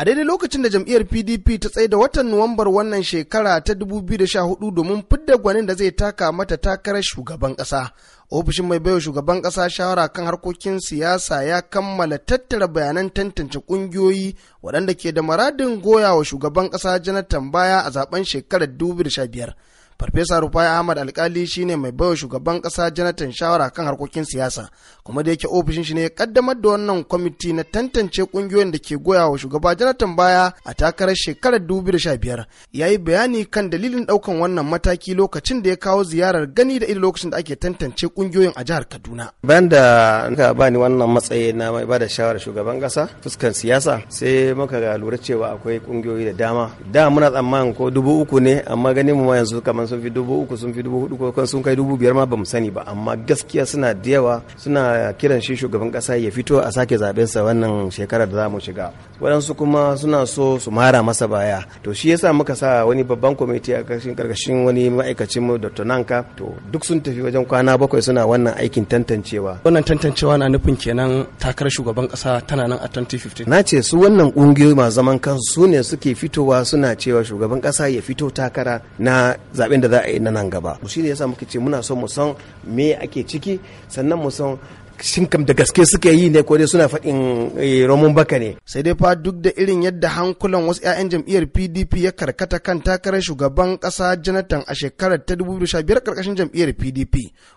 A daidai lokacin da jam'iyyar PDP ta tsaye da watan Nuwambar wannan shekara ta 2014 domin fidda gwanin da zai taka mata takarar shugaban ƙasa. Ofishin mai baiwa shugaban ƙasa shawara kan harkokin siyasa ya kammala tattara bayanan tantance ƙungiyoyi waɗanda ke da maradin goya wa shugaban kasa janatan baya a zaben shekarar 2015. farfesa rufai ahmad alkali shine mai baiwa shugaban kasa jonathan shawara kan harkokin siyasa kuma da yake ofishin shi ne ya kaddamar da wannan kwamiti na tantance kungiyoyin da ke goya wa shugaba jonathan baya a takarar shekarar 2015 ya yi bayani kan dalilin daukan wannan mataki lokacin da ya kawo ziyarar gani da ido lokacin da ake tantance kungiyoyin a jihar kaduna bayan da ka bani wannan matsayi na mai bada shawarar shugaban kasa fuskan siyasa sai muka lura cewa akwai kungiyoyi da dama da muna tsammanin ko dubu uku ne amma ganin mu yanzu kamar sun fi dubu uku sun fi dubu hudu ko sun kai dubu biyar ma bamu sani ba amma gaskiya suna da yawa suna kiran shi shugaban kasa ya fito a sake zaben sa wannan shekarar da zamu shiga waɗansu kuma suna so su mara masa baya to shi yasa muka sa wani babban kwamiti a ƙarshen karkashin wani ma'aikacin mu Dr. Nanka to duk sun tafi wajen kwana bakwai suna wannan aikin tantancewa wannan tantancewa na nufin kenan takar shugaban kasa tana nan a 2015 na ce su wannan kungiyoyi masu zaman kansu su ne suke fitowa suna cewa shugaban kasa ya fito takara na zaben da za a yi na nan gaba shi ne yasa muka ce muna son mu san me ake ciki sannan mu san shin kam da gaske suka yi ne ko dai suna faɗin eh, romun baka ne. sai dai fa duk da irin yadda hankulan wasu 'ya'yan jam'iyyar pdp ya karkata kan takarar shugaban ƙasa jonathan a shekarar ta 2015 karkashin jam'iyyar pdp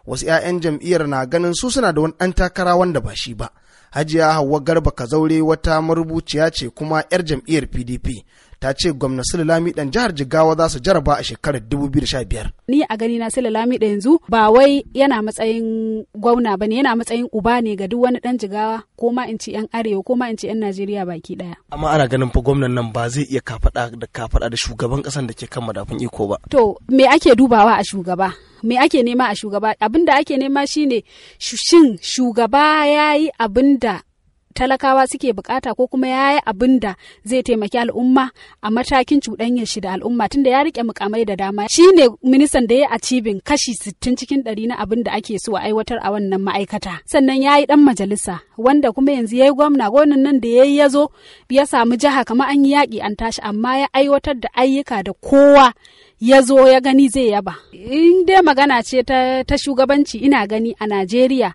wasu 'ya'yan jam'iyyar na ganin su suna da wani ɗan takara wanda ba shi ba hajiya hauwa garba kazaure wata marubuciya ce kuma 'yar jam'iyyar pdp ta ce gwamna sule lamidan jihar jigawa za su jaraba a shekarar 2015 ni a gani na sule lamida yanzu ba wai yana matsayin gwamna ba ne yana matsayin uba ne ga duk wani dan jigawa ko ma in ci yan arewa ko ma in ci yan najeriya baki daya amma ana ganin fa gwamnan nan ba zai iya kafaɗa da kafada da shugaban kasan da ke kan madafin iko ba to me ake dubawa a shugaba me ake nema a shugaba abin da ake nema shine shin shugaba ya yi abin da talakawa suke bukata ko kuma ya yi abin da zai taimaki al'umma a matakin cuɗanyar shi da al'umma tunda ya rike mukamai da dama shi ne ministan da ya a cibin kashi sittin cikin ɗari na abin da ake so a aiwatar a wannan ma'aikata sannan ya yi ɗan majalisa wanda kuma yanzu ya yi gwamna gonan nan da ya yi ya zo ya samu jiha kamar an yi yaƙi an tashi amma ya aiwatar da ayyuka da kowa ya zo ya gani zai yaba in dai magana ce ta, shugabanci ina gani a najeriya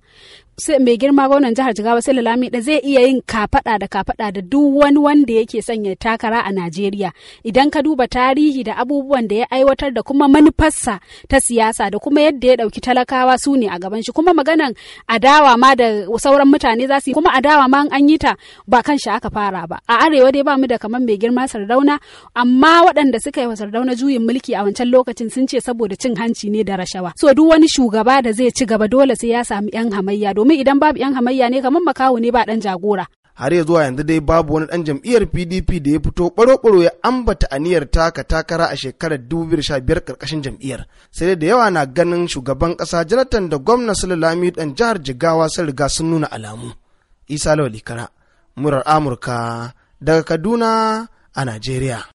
mai girma gwamnan jihar jigawa sai lalami da zai iya yin kafada da kafada da duk wani wanda yake sanya takara a najeriya idan ka duba tarihi da abubuwan da ya aiwatar da kuma manufarsa ta siyasa da kuma yadda ya dauki talakawa su ne a gaban shi kuma maganan adawa ma da sauran mutane za su yi kuma adawa ma an yi ta ba kan shi aka fara ba a arewa dai ba mu da kamar mai girma sardauna amma waɗanda suka yi wa sardauna juyin mulki a wancan lokacin sun ce saboda cin hanci ne da rashawa so duk wani shugaba da zai ci gaba dole sai ya sami yan hamayya domin idan babu yan hamayya ne kamar makaho ne ba dan jagora har ya zuwa yanzu dai babu wani dan jam'iyyar PDP da ya fito ɓaro-ɓaro ya ambata aniyar taka takara a shekarar 2015 karkashin jam'iyyar sai dai da yawa na ganin shugaban kasa Jonathan da gwamna Sulalami dan jihar Jigawa sun riga sun nuna alamu Isa Lawli Kara murar Amurka daga Kaduna a Najeriya